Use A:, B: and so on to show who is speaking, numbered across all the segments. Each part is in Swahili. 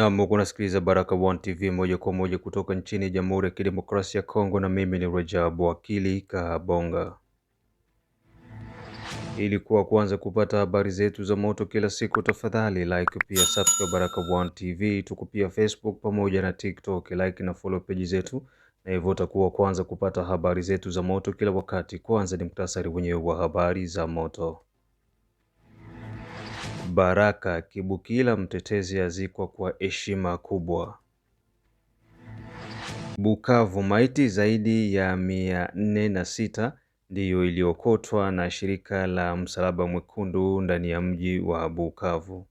A: Naam, uko nasikiliza Baraka One TV moja kwa moja kutoka nchini Jamhuri ya Kidemokrasia ya Kongo, na mimi ni Rajabu Wakili Kahabonga. Ili kuwa kwanza kupata habari zetu za moto kila siku, tafadhali like, pia subscribe Baraka One TV. Tuko pia Facebook pamoja na TikTok, like na follow page zetu, na hivyo utakuwa kwanza kupata habari zetu za moto kila wakati. Kwanza ni muhtasari wenyewe wa habari za moto. Baraka Kibukila mtetezi azikwa kwa heshima kubwa. Bukavu, maiti zaidi ya mia nne na sita ndiyo iliokotwa na shirika la Msalaba Mwekundu ndani ya mji wa Bukavu.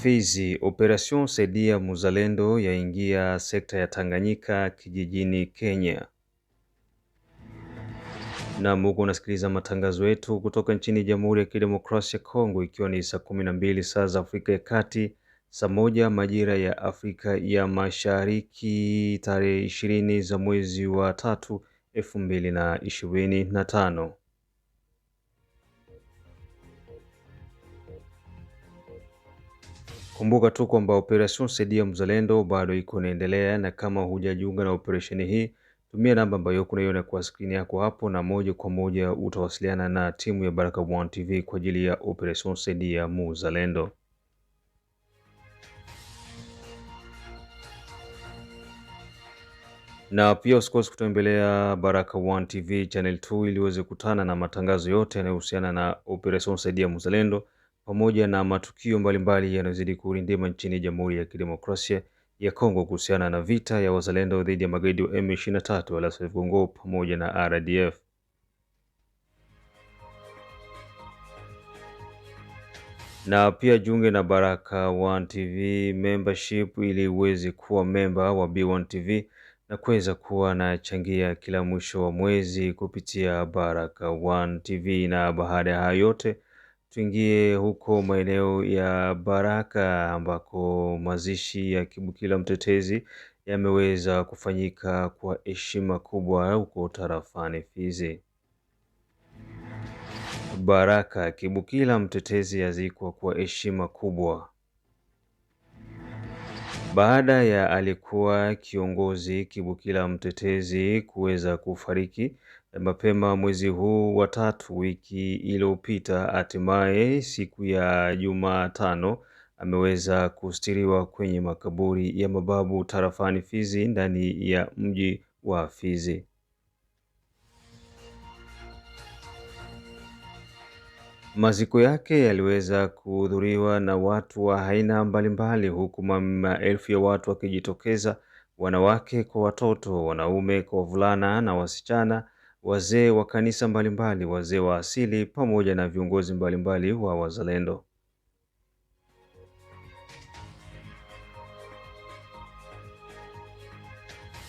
A: Fizi, Operation Saidia Muzalendo yaingia sekta ya Tanganyika kijijini Kenya na muko unasikiliza matangazo yetu kutoka nchini Jamhuri ya Kidemokrasia ya Kongo, ikiwa ni saa kumi na mbili saa za Afrika ya Kati, saa moja majira ya Afrika ya Mashariki, tarehe ishirini za mwezi wa tatu elfu mbili na ishirini na tano. Kumbuka tu kwamba operation saidia mzalendo bado iko inaendelea, na kama hujajiunga na operesheni hii Tumia namba ambayo unaiona kwa skrini yako hapo, na moja kwa moja utawasiliana na timu ya baraka One TV kwa ajili ya operation ya Muzalendo. Na pia usikose kutembelea baraka One TV channel 2 ili uweze kutana na matangazo yote yanayohusiana na operation saidia Muzalendo pamoja na matukio mbalimbali yanayozidi kurindima nchini Jamhuri ya Kidemokrasia ya Kongo kuhusiana na vita ya wazalendo dhidi ya magaidi wa M23 wala AFC pamoja na RDF. Na pia jiunge na Baraka One TV membership ili uweze kuwa memba wa B1 TV na kuweza kuwa nachangia kila mwisho wa mwezi kupitia Baraka One TV. Na baada ya hayo yote Tuingie huko maeneo ya Baraka ambako mazishi ya Kibukila Mtetezi yameweza kufanyika kwa heshima kubwa huko tarafani Fizi. Baraka Kibukila Mtetezi yazikwa kwa heshima kubwa baada ya alikuwa kiongozi Kibukila Mtetezi kuweza kufariki mapema mwezi huu wa tatu wiki iliyopita, hatimaye siku ya Jumatano ameweza kustiriwa kwenye makaburi ya mababu tarafani Fizi ndani ya mji wa Fizi. Maziko yake yaliweza kuhudhuriwa na watu wa aina mbalimbali, huku maelfu ya watu wakijitokeza, wanawake kwa watoto, wanaume kwa wavulana na wasichana, wazee wa kanisa mbalimbali, wazee wa asili pamoja na viongozi mbalimbali wa wazalendo.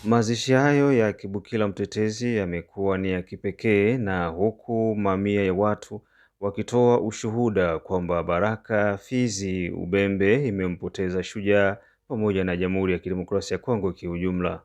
A: Mazishi hayo ya Kibukila Mtetezi yamekuwa ni ya kipekee, na huku mamia ya watu wakitoa ushuhuda kwamba Baraka Fizi Ubembe imempoteza shujaa pamoja na Jamhuri ya Kidemokrasia ya Kongo kiujumla.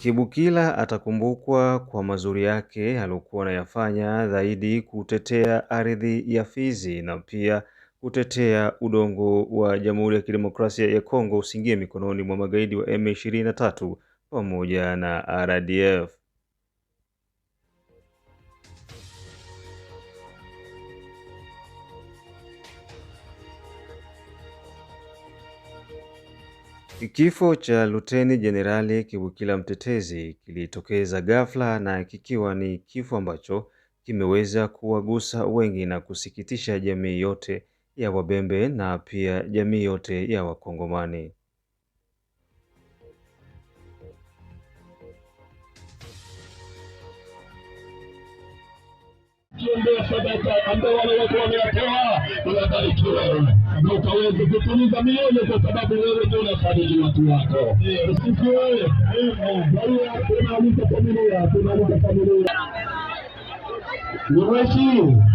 A: Chibukila atakumbukwa kwa mazuri yake aliyokuwa anayafanya zaidi kutetea ardhi ya Fizi na pia kutetea udongo wa Jamhuri ya Kidemokrasia ya Kongo usingie mikononi mwa magaidi wa M23 pamoja na RDF. Kifo cha Luteni Jenerali Kibukila Mtetezi kilitokeza ghafla na kikiwa ni kifo ambacho kimeweza kuwagusa wengi na kusikitisha jamii yote ya Wabembe na pia jamii yote ya Wakongomani. kiombea sadaka ambayo wale watu wameatoa, unabarikiwa na utaweza kutuliza mioyo, kwa sababu wewe ndio unafariji watu wako. tunaalika familia, tunaalika familia niweshimu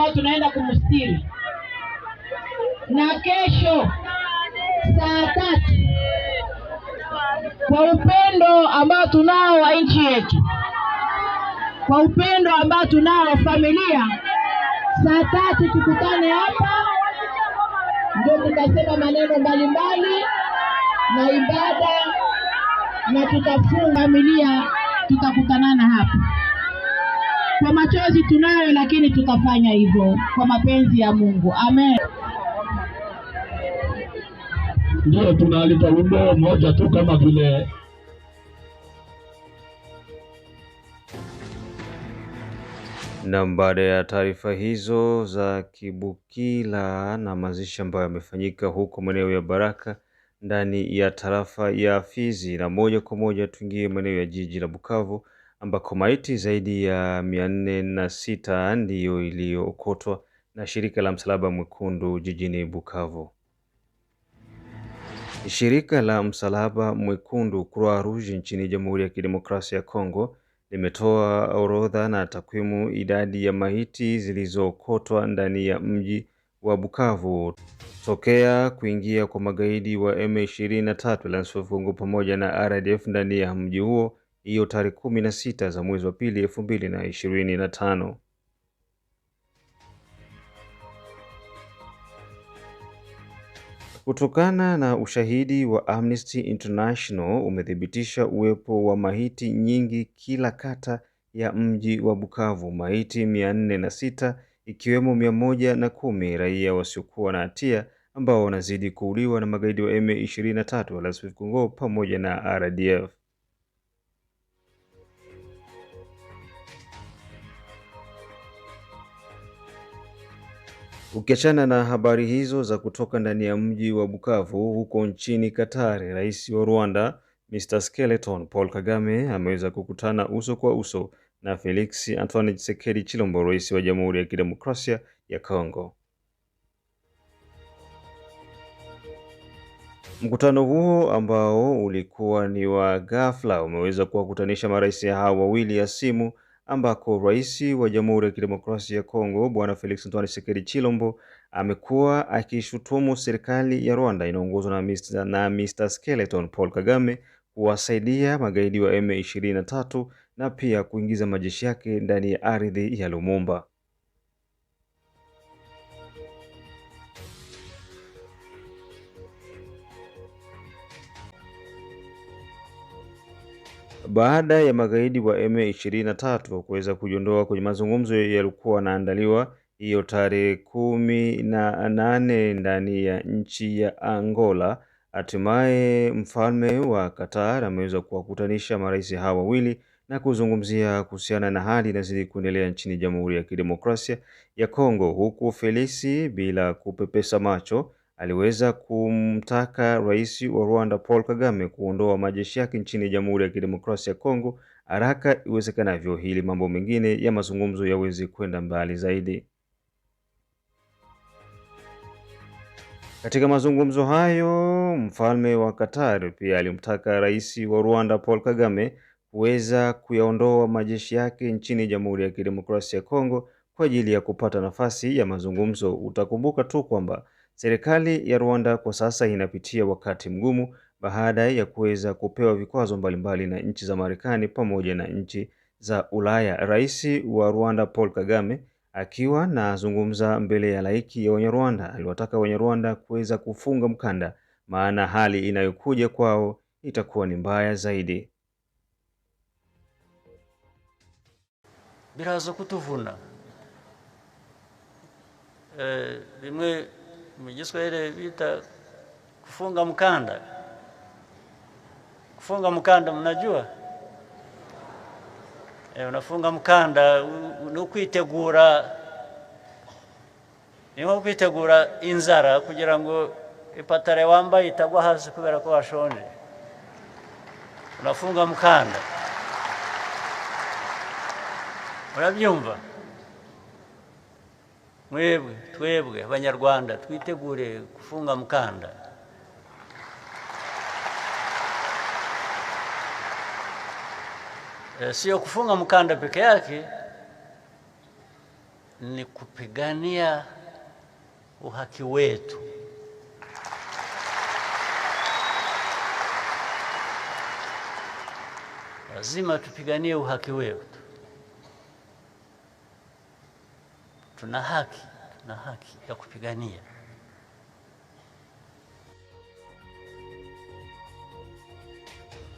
B: ambao tunaenda kumstiri, na kesho saa tatu kwa upendo ambao tunao wa nchi yetu, kwa upendo ambao tunao wa familia, saa tatu tukutane hapa, ndio tutasema maneno mbalimbali na ibada na tutafunga familia, tutakutanana hapa. Kwa machozi tunayo, lakini tutafanya hivyo kwa mapenzi ya Mungu. Amen.
C: Ndio tunalita wimbo mmoja tu kama vile
A: nam baada ya taarifa hizo za Kibukila na mazishi ambayo yamefanyika huko maeneo ya Baraka ndani ya tarafa ya Fizi, na moja kwa moja tuingie maeneo ya jiji la Bukavu ambako maiti zaidi ya mia nne na sita ndiyo iliyookotwa na shirika la Msalaba Mwekundu jijini Bukavu. Shirika la Msalaba Mwekundu Croix Rouge nchini Jamhuri ya Kidemokrasia ya Kongo limetoa orodha na takwimu idadi ya maiti zilizookotwa ndani ya mji wa Bukavu tokea kuingia kwa magaidi wa M23 Kongo pamoja na RDF ndani ya mji huo hiyo tarehe kumi na sita za mwezi wa pili elfu mbili na ishirini na tano. Kutokana na ushahidi wa Amnesty International umethibitisha uwepo wa maiti nyingi kila kata ya mji wa Bukavu, maiti mia nne na sita ikiwemo mia moja na kumi raia wasiokuwa na hatia ambao wanazidi kuuliwa na magaidi wa M23 Congo pamoja na RDF. Ukiachana na habari hizo za kutoka ndani ya mji wa Bukavu huko nchini Katari, rais wa Rwanda Mr. Skeleton Paul Kagame ameweza kukutana uso kwa uso na Felix Antoine Tshisekedi Chilombo, rais wa Jamhuri ya Kidemokrasia ya Kongo. Mkutano huo ambao ulikuwa ni wa ghafla umeweza kuwakutanisha marais hao wawili ya simu ambako rais wa Jamhuri ya Kidemokrasia ya Kongo Bwana Felix Antoine Tshisekedi Chilombo amekuwa akishutumu serikali ya Rwanda inaongozwa na Mr. na Mr. Skeleton Paul Kagame kuwasaidia magaidi wa M23 na pia kuingiza majeshi yake ndani ya ardhi ya Lumumba. Baada ya magaidi wa M23 kuweza kujiondoa kwenye mazungumzo yaliyokuwa yanaandaliwa hiyo tarehe kumi na nane ndani ya nchi ya Angola, hatimaye mfalme wa Qatar ameweza kuwakutanisha marais hawa wawili na kuzungumzia kuhusiana na hali inazidi kuendelea nchini Jamhuri ya Kidemokrasia ya Kongo, huku Felisi bila kupepesa macho aliweza kumtaka rais wa Rwanda Paul Kagame kuondoa majeshi yake nchini Jamhuri ya Kidemokrasia ya Kongo haraka iwezekanavyo ili mambo mengine ya mazungumzo yaweze kwenda mbali zaidi. Katika mazungumzo hayo, mfalme wa Qatar pia alimtaka rais wa Rwanda Paul Kagame kuweza kuyaondoa majeshi yake nchini Jamhuri ya Kidemokrasia ya Kongo kwa ajili ya kupata nafasi ya mazungumzo. Utakumbuka tu kwamba Serikali ya Rwanda kwa sasa inapitia wakati mgumu baada ya kuweza kupewa vikwazo mbalimbali na nchi za Marekani pamoja na nchi za Ulaya. Rais wa Rwanda Paul Kagame akiwa na zungumza mbele ya laiki ya Wanyarwanda aliwataka Wanyarwanda kuweza kufunga mkanda, maana hali inayokuja kwao itakuwa ni mbaya zaidi.
D: biraza kutuvuna eh, bimwe mu giswahili bita kufunga mkanda. Kufunga mkanda, mnajua e, unafunga mkanda ni ukwitegura, ni nko inzara kugira ngo ipatare wambaye itagwa hasi kubera ko washonje. Unafunga mkanda, urabyumva? mwebwe twebwe abanyarwanda twitegure kufunga mukanda eh, sio kufunga mkanda peke yake, ni kupigania uhaki wetu. Lazima tupiganie uhaki wetu. tuna haki, tuna haki ya kupigania.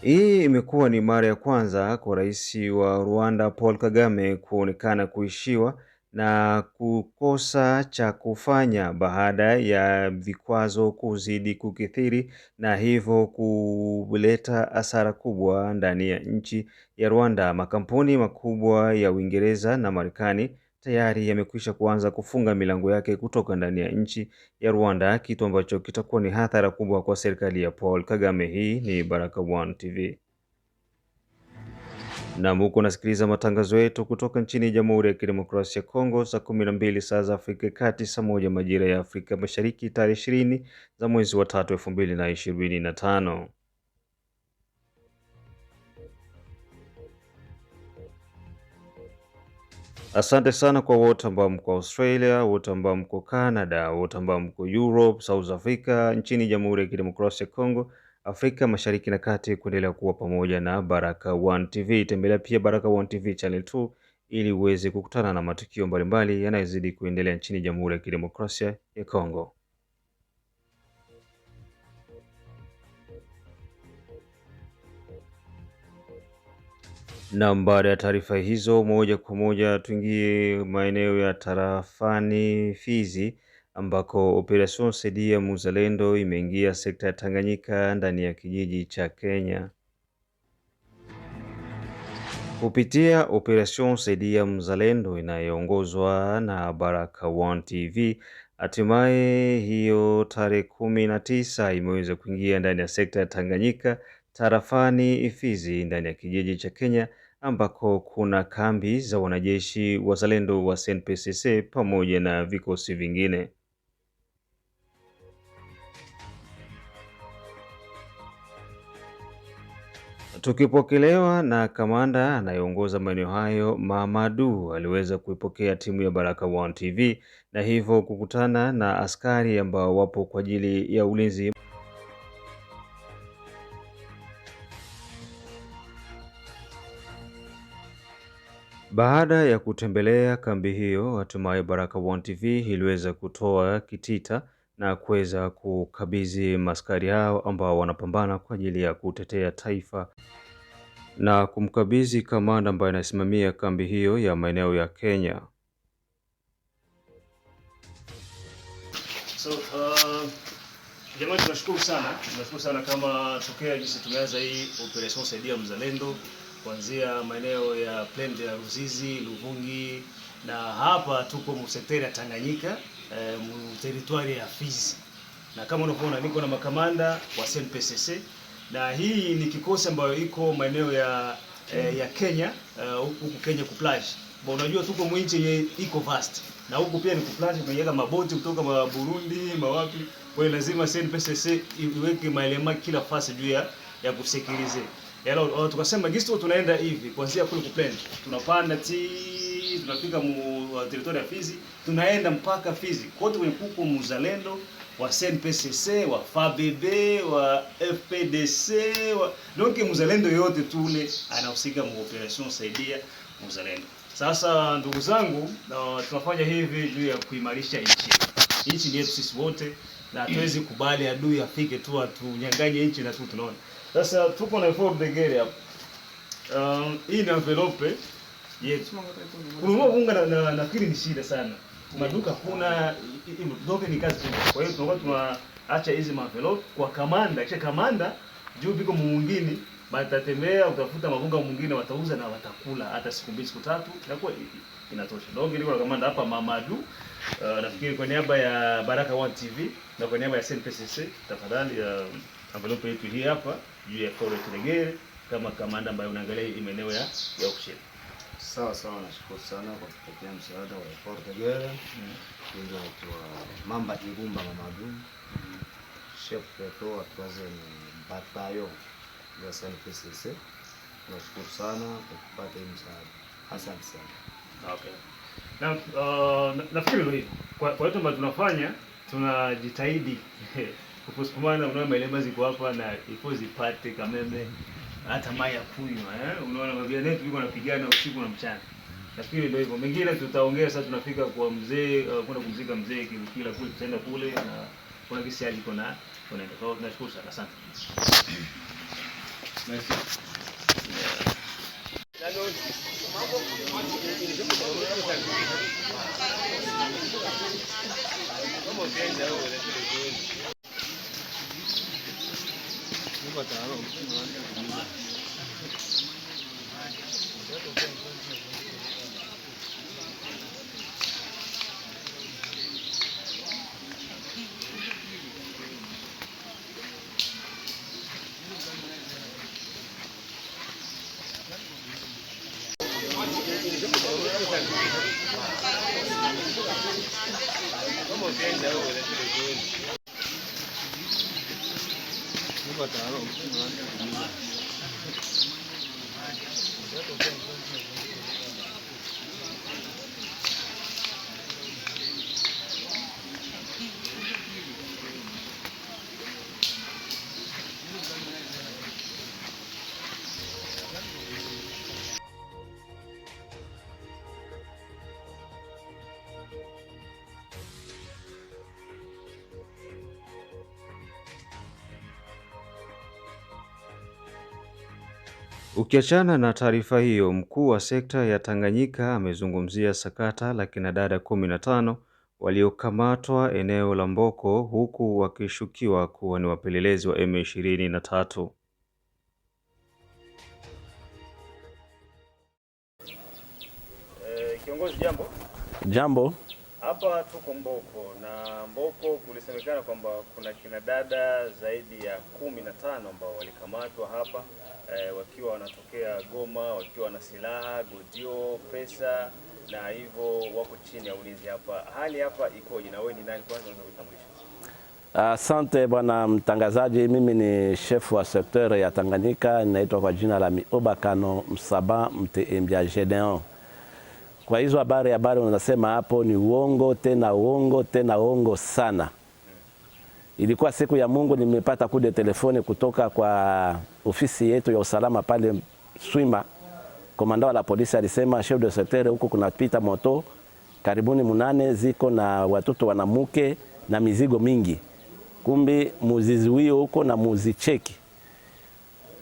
A: Hii imekuwa ni mara ya kwanza kwa rais wa Rwanda Paul Kagame kuonekana kuishiwa na kukosa cha kufanya baada ya vikwazo kuzidi kukithiri na hivyo kuleta hasara kubwa ndani ya nchi ya Rwanda. Makampuni makubwa ya Uingereza na Marekani tayari yamekwisha kuanza kufunga milango yake kutoka ndani ya nchi ya Rwanda, kitu ambacho kitakuwa ni hatara kubwa kwa serikali ya Paul Kagame. Hii ni Baraka One TV na huko unasikiliza matangazo yetu kutoka nchini Jamhuri ya Kidemokrasia ya Kongo, saa kumi na mbili saa za Afrika Kati, saa moja majira ya Afrika Mashariki, tarehe ishirini za mwezi wa tatu elfu mbili na ishirini na tano. Asante sana kwa wote ambao mko Australia, wote ambao mko Canada, wote ambao mko Europe, South Africa, nchini Jamhuri ya Kidemokrasia ya Kongo, Afrika Mashariki na Kati, kuendelea kuwa pamoja na Baraka One TV. Tembelea pia Baraka One TV Channel 2 ili uweze kukutana na matukio mbalimbali yanayozidi kuendelea nchini Jamhuri ya Kidemokrasia ya Kongo. Naam, baada ya taarifa hizo, moja kwa moja tuingie maeneo ya tarafani Fizi ambako Operation Saidia Muzalendo imeingia sekta ya Tanganyika ndani ya kijiji cha Kenya. Kupitia Operation Saidia Muzalendo inayoongozwa na baraka One TV, hatimaye hiyo tarehe kumi na tisa imeweza kuingia ndani ya sekta ya Tanganyika tarafani Fizi ndani ya kijiji cha Kenya ambako kuna kambi za wanajeshi wazalendo wa SNPCC pamoja na vikosi vingine. Tukipokelewa na kamanda anayeongoza maeneo hayo, Mamadu aliweza kuipokea timu ya Baraka One TV na hivyo kukutana na askari ambao wapo kwa ajili ya ulinzi. Baada ya kutembelea kambi hiyo, hatimaye Baraka One TV iliweza kutoa kitita na kuweza kukabidhi maskari hao ambao wanapambana kwa ajili ya kutetea taifa na kumkabidhi kamanda ambaye anasimamia kambi hiyo ya maeneo ya Kenya.
E: So, uh, jamani tunashukuru sana, tunashukuru sana kama tokea jinsi tumeanza hii operation saidia mzalendo kuanzia maeneo ya Plaine ya Ruzizi, Luvungi na hapa tuko msekteri ya Tanganyika e, eh, mteritwari ya Fizi, na kama unavyoona niko na makamanda wa SNPCC na hii ni kikosi ambayo iko maeneo ya E, ya Kenya eh, huku uh, Kenya kuplash ba, unajua tuko mwinchi yenye iko vast na huku pia ni kuplash, tumeweka maboti kutoka ma Burundi mawapi, kwa lazima SNPCC iweke maelema kila fasi juu ya ya kusikilize Hello, yaani, uh, oh, tukasema gisto tunaenda hivi kuanzia kule kupenda. Tunapanda ti tunafika mu uh, territory ya Fizi, tunaenda mpaka Fizi. Kote kwenye kuko muzalendo wa CNPSC, wa FABB, wa FPDC, wa donc muzalendo yote tule anahusika mu operation saidia muzalendo. Sasa ndugu zangu, uh, tunafanya hivi juu ya kuimarisha nchi. Nchi ni yetu sisi wote na hatuwezi kubali adui afike tu atunyanganye nchi na tu tunaona. Sasa tuko na de degere hapa. Um, hii ni envelope yetu. Kununua unga na, na nafikiri ni shida sana. Maduka kuna ndoke ni kazi kubwa. Kwa hiyo tunakuwa tunaacha hizi envelope kwa kamanda. Kisha kamanda juu biko mwingine batatembea utafuta mavunga mwingine watauza na watakula hata siku mbili siku tatu inakuwa inatosha. Ndogo liko na kamanda hapa Mamadu. Uh, nafikiri kwa niaba ya Baraka One TV na kwa niaba ya SNPCC tafadhali uh, envelope yetu hii hapa juu ya Forest Legere kama kamanda ambayo unaangalia maeneo ya ya auction.
F: Sawa sawa, nashukuru sana kwa kupokea msaada wa Forest Legere. Mm. Ndio kwa mamba kigumba mamadu. Mm. Chef Peto atwaze batayo ya San PCC. Nashukuru sana kwa kupata hii msaada. Asante sana.
E: Okay. Na uh, nafikiri Kwa kwa hiyo ambayo tunafanya tunajitahidi uposkumana unaona maelema ziko hapa na ipo zipate kameme hata mai ya kunywa eh, unaona mabia yetu tulikuwa tunapigana usiku na mchana. Lakini ndio hivyo. Mengine tutaongea sasa, tunafika kwa mzee uh, kwenda kumzika mzee Kilukila kule, tutaenda kule na kuna kisi hali kuna kuna ndio. Kwa tunashukuru sana, asante. Merci. Kama ukienda wewe Pada alam s e m
A: little things in here. Ukiachana na taarifa hiyo, mkuu wa sekta ya Tanganyika amezungumzia sakata la kinadada kumi na tano waliokamatwa eneo la Mboko huku wakishukiwa kuwa ni wapelelezi wa M23.
G: Eh, kiongozi, jambo. Jambo. Hapa tuko Mboko na Mboko kulisemekana kwamba kuna kina dada zaidi ya kumi na tano ambao walikamatwa hapa e, wakiwa wanatokea Goma wakiwa na silaha godio, pesa na hivyo wako chini ya ulinzi hapa. Hali hapa ikoje na wewe ni nani kwanza unaweza kutambulisha?
H: Asante uh, bwana mtangazaji, mimi ni chef wa sekta ya Tanganyika, ninaitwa kwa jina la Miobakano Msaba Mteembia Gedeon. Kwa hizo habari habari wanasema hapo ni uongo tena uongo tena uongo sana. Ilikuwa siku ya Mungu, nimepata kude telefoni kutoka kwa ofisi yetu ya usalama pale Swima. Komanda wa la polisi alisema, chef de secteur, huko kunapita moto karibuni munane ziko na watoto wanamuke na mizigo mingi, kumbi muziziwio huko na muzicheki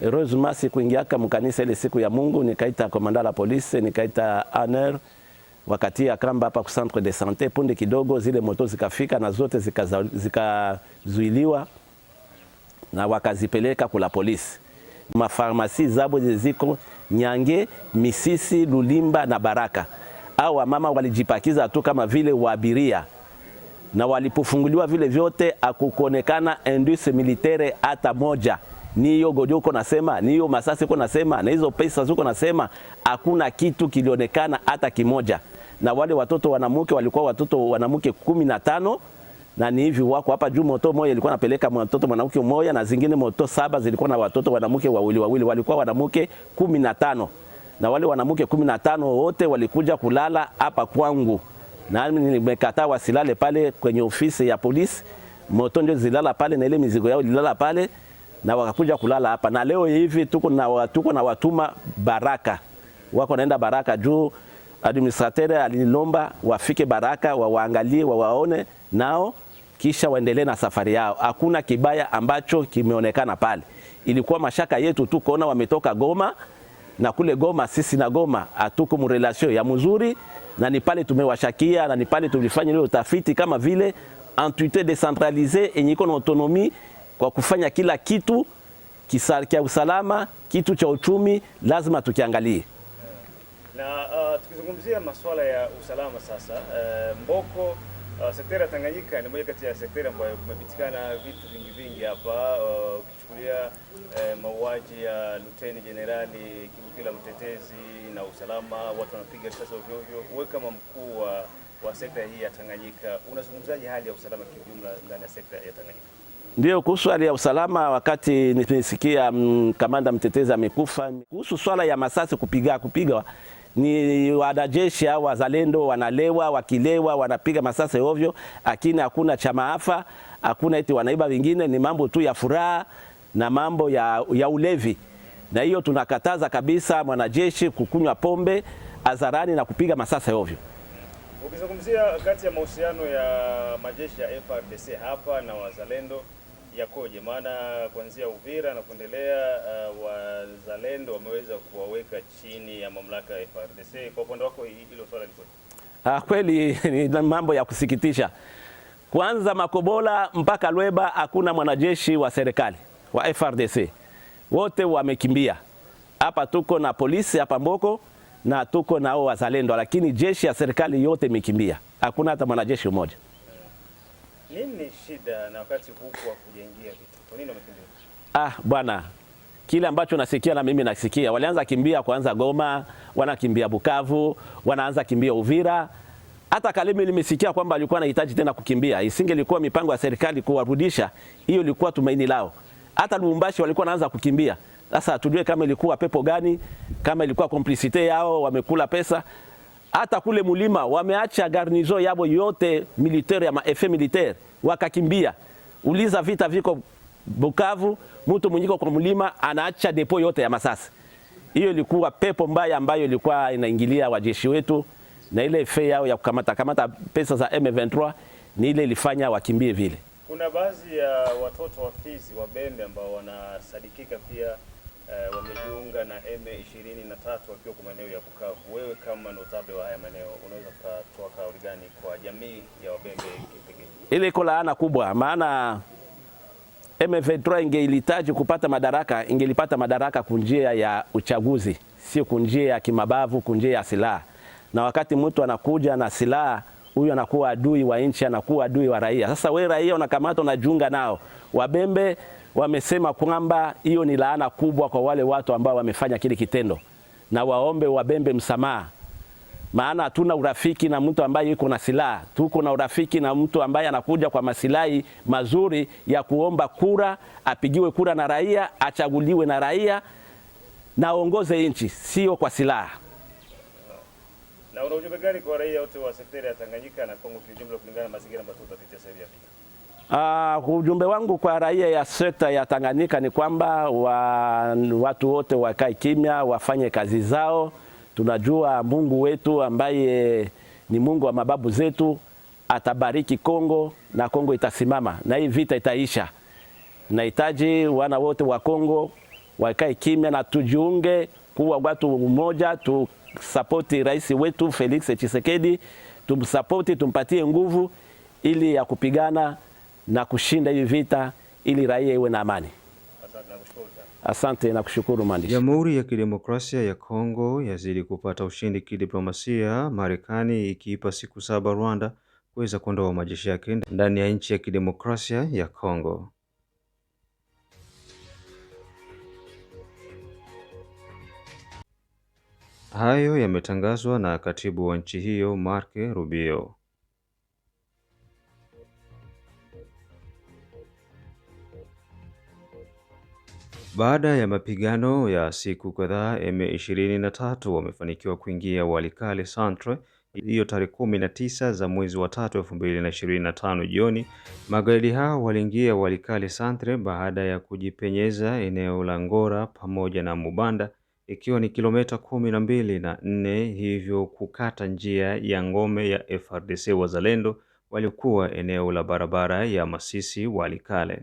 H: Rose Masi kuingiaka mkanisa ile siku ya Mungu, nikaita komanda la polisi, nikaita aner wakati ya Kramba hapa ku centre de sante, punde kidogo zile moto zikafika na zote zikazuiliwa zika na wakazipeleka kula polisi. Mafarmasi zabo ziko Nyange, Misisi, Lulimba na Baraka. Au wamama walijipakiza tu kama vile waabiria na walipofunguliwa vile vyote akukonekana industrie militaire hata moja. Niyo godio uko nasema, niyo masasi uko nasema, na hizo pesa zuko nasema, hakuna kitu kilionekana hata kimoja na wale watoto wanamuke walikuwa watoto wanamuke kumi na tano na ni hivi wako hapa juu. Moto moja ilikuwa napeleka mtoto mwanamke mmoja na zingine moto saba zilikuwa na watoto wanamke wawili wawili, walikuwa wanamke kumi na tano na wale wanamke kumi na tano wote walikuja kulala hapa kwangu, nami nimekataa wasilale pale kwenye ofisi ya polisi. Moto ndio zilala pale na ile mizigo yao ilala pale na wakakuja kulala hapa, na leo hivi tuko na, tuko na watuma Baraka, wako naenda Baraka juu administrateur alilomba wafike Baraka wawaangalie, wawaone nao kisha waendelee na safari yao. Hakuna kibaya ambacho kimeonekana pale. Ilikuwa mashaka yetu tu kuona wametoka Goma na kule Goma, sisi na Goma hatuko mrelasio ya mzuri, na ni pale tumewashakia na ni pale tulifanya ile utafiti kama vile entité décentralisée yenye iko na autonomie kwa kufanya kila kitu kisa, kia usalama, kitu cha uchumi lazima tukiangalie.
G: Na uh, tukizungumzia masuala ya usalama sasa, uh, Mboko uh, sekta ya Tanganyika ni moja kati ya sekta ambayo kumepitikana vitu vingi vingi hapa uh, ukichukulia uh, mauaji ya Luteni Jenerali Kivukila Mtetezi na usalama, watu wanapiga risasi ovyo ovyo. Wewe kama mkuu wa, wa sekta hii ya Tanganyika unazungumzaje hali ya usalama kiujumla ndani ya sekta ya Tanganyika?
H: Ndiyo, kuhusu hali ya usalama, wakati nimesikia mm, kamanda Mtetezi amekufa, kuhusu swala ya masasi kupiga kupigwa ni wanajeshi au wazalendo wanalewa, wakilewa wanapiga masasa ovyo, lakini hakuna cha maafa, hakuna eti wanaiba vingine ni mambo tu ya furaha na mambo ya, ya ulevi. Na hiyo tunakataza kabisa mwanajeshi kukunywa pombe hadharani na kupiga masasa ovyo.
G: Ukizungumzia kati ya mahusiano ya majeshi ya FRDC hapa na wazalendo yakoje? Maana kuanzia Uvira na kuendelea uh, wazalendo wameweza kuwaweka chini ya mamlaka ya FARDC. Kwa upande wako hilo swala liko
H: ah, kweli ni mambo ya kusikitisha. Kwanza Makobola mpaka Lweba hakuna mwanajeshi wa serikali wa frdc wote wamekimbia. Hapa tuko na polisi hapa Mboko na tuko na wazalendo, lakini jeshi ya serikali yote imekimbia, hakuna hata mwanajeshi mmoja.
G: Nini shida na wakati huku wa kujengia vitu? Kwa nini wamekimbia?
H: Ah, bwana kile ambacho nasikia na mimi nasikia, walianza kimbia kwanza Goma, wanakimbia Bukavu, wanaanza kimbia Uvira. Hata Kalemi nimesikia kwamba alikuwa anahitaji tena kukimbia, isinge ilikuwa mipango ya serikali kuwarudisha, hiyo ilikuwa tumaini lao. Hata Lubumbashi walikuwa wanaanza kukimbia. Sasa tujue kama ilikuwa pepo gani, kama ilikuwa komplisite yao, wamekula pesa hata kule mulima wameacha garnizo yabo yote militaire ya maefe militaire wakakimbia. Uliza vita viko Bukavu, mtu mwenyiko kwa mulima anaacha depo yote ya masasi. Hiyo ilikuwa pepo mbaya ambayo ilikuwa inaingilia wajeshi wetu, na ile fe yao ya kukamata kamata pesa za M23 ni ile ilifanya wakimbie vile.
G: Kuna baadhi ya watoto wa Fizi wa Bembe ambao wanasadikika pia uh, wamejiunga na M23 wakiwa kwa maeneo ya Bukavu. Wewe kama notable wa haya maeneo unaweza kutoa kauli gani kwa jamii ya Wabembe kipekee?
H: Ile iko laana kubwa, maana M23 ingeilitaji kupata madaraka, ingelipata madaraka kunjia ya uchaguzi, sio kunjia ya kimabavu, kunjia ya silaha. Na wakati mtu anakuja na silaha huyu anakuwa adui wa nchi, anakuwa adui wa raia. Sasa we raia unakamata, unajiunga nao Wabembe wamesema kwamba hiyo ni laana kubwa kwa wale watu ambao wamefanya kile kitendo, na waombe wabembe msamaha, maana hatuna urafiki na mtu ambaye yuko na silaha. Tuko na urafiki na mtu ambaye anakuja kwa masilahi mazuri ya kuomba kura, apigiwe kura na raia, achaguliwe na raia na aongoze nchi, sio kwa silaha.
G: Na una ujumbe gani kwa raia wote wa sekta ya Tanganyika na Kongo kiujumla kulingana na mazingira ambayo tutapitia sasa hivi?
H: Uh, ujumbe wangu kwa raia ya sekta ya Tanganyika ni kwamba wa, watu wote wakae kimya, wafanye kazi zao. Tunajua Mungu wetu ambaye ni Mungu wa mababu zetu atabariki Kongo na Kongo itasimama na hii vita itaisha. Nahitaji wana wote wa Kongo wakae kimya na tujiunge kuwa watu mmoja, tusapoti rais wetu Felix Tshisekedi, tumsapoti, tumpatie nguvu ili ya kupigana na kushinda hivi vita ili raia iwe na amani. Asante na kushukuru mwandishi.
A: Jamhuri ya Kidemokrasia ya Kongo yazidi kupata ushindi kidiplomasia, Marekani ikiipa siku saba Rwanda kuweza kuondoa majeshi yake ndani ya nchi ya Kidemokrasia ya Kongo. Hayo yametangazwa na katibu wa nchi hiyo Mark Rubio. Baada ya mapigano ya siku kadhaa, M23 wamefanikiwa kuingia Walikale Centre hiyo tarehe kumi na tisa za mwezi wa tatu elfu mbili na ishirini na tano jioni. Magaidi hao waliingia Walikale Centre baada ya kujipenyeza eneo la Ngora pamoja na Mubanda ikiwa ni kilomita kumi na mbili na nne hivyo kukata njia ya ngome ya frdc wazalendo waliokuwa eneo la barabara ya Masisi Walikale.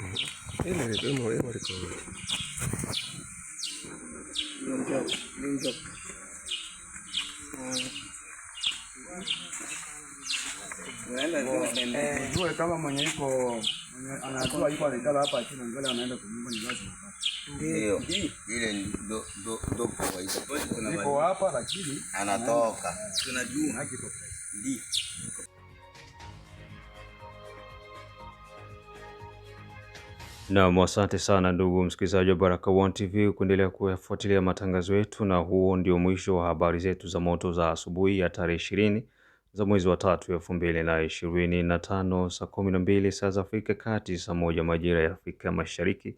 A: Jue eh, kama mwenye iko anajua iko alikala hapa chini ngale anaenda kunyumba ni lazima ndio ile ndo ndo kawaida. Iko hapa lakini anatoka, tunajua ndio Naam, asante sana ndugu msikilizaji wa Baraka One TV kuendelea kuyafuatilia matangazo yetu, na huo ndio mwisho wa habari zetu za moto za asubuhi ya tarehe ishirini za mwezi wa tatu elfu mbili na ishirini na tano saa kumi na mbili saa za Afrika Kati, saa moja majira ya Afrika Mashariki